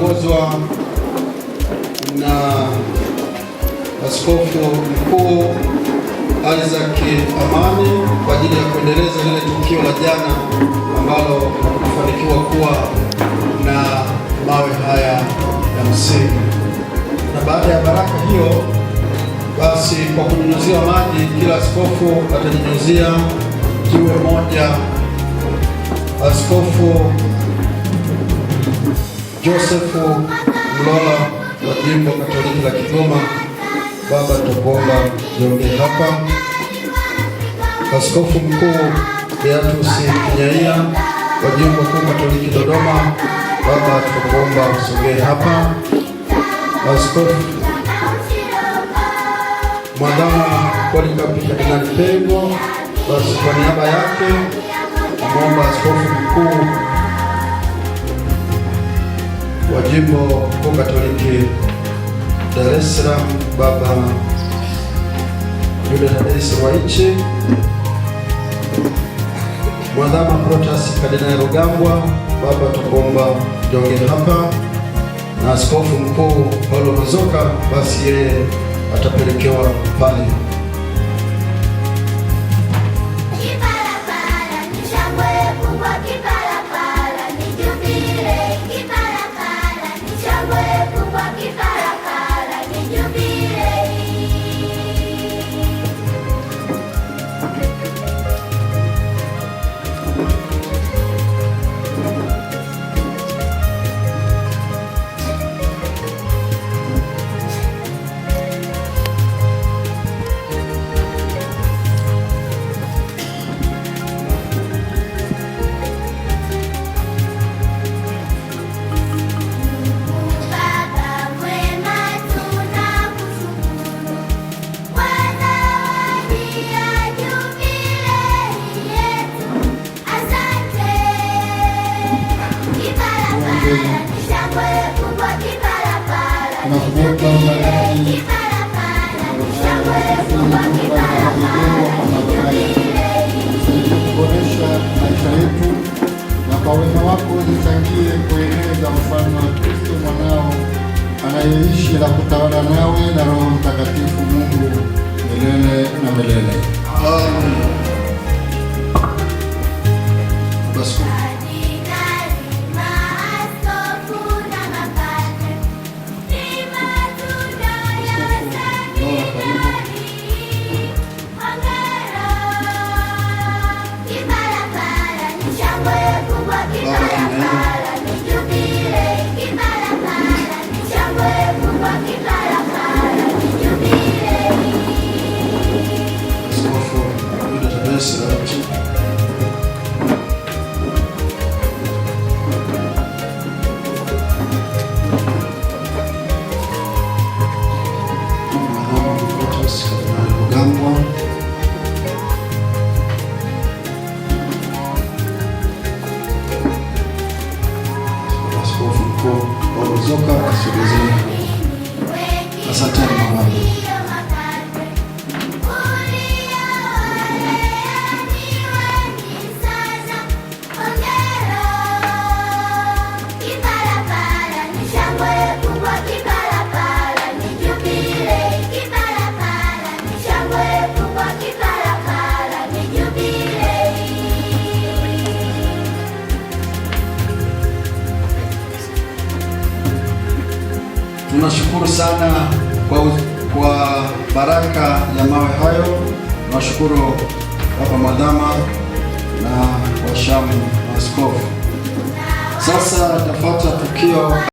inaongozwa na Askofu Mkuu Isaac Amani kwa ajili ya kuendeleza lile tukio la jana ambalo kufanikiwa kuwa na mawe haya ya msingi. Na baada ya baraka hiyo, basi kwa kunyunyuzia maji, kila askofu atanyunyuzia jiwe moja. Askofu josefu Mlola wa jimbo Katoliki la Kigoma. Baba, tukuomba jiongee hapa. Askofu mkuu Beatus Kinyaia wa jimbo kuu Katoliki Dodoma. Baba, tukuomba usogee hapa. Askofu Mwadama Polycarp Kardinali Pengo, basi kwa niaba yake namwomba askofu mkuu wa Jimbo Kuu Katoliki Dar es Salaam Baba Yudatanesi Ruwaichi, Mwadhama Protas Kardinali Rugambwa, Baba tukuomba jonge hapa, na Askofu Mkuu Paulo Mazoka, basi yeye atapelekewa pale. kuboresha maisha yetu na kwa wema wako zichangie kueneza mfano wa Kristo mwanao anayeishi na kutawala nawe na Roho Mtakatifu Mungu milele na milele. Amen. Rugambwa Askofu Mkuu Paul Nzoka, asogezeni. Asanteni mwanangu. Tunashukuru sana kwa, kwa baraka ya mawe hayo. Tunashukuru Baba Madama na washamu maaskofu. Sasa tafata tukio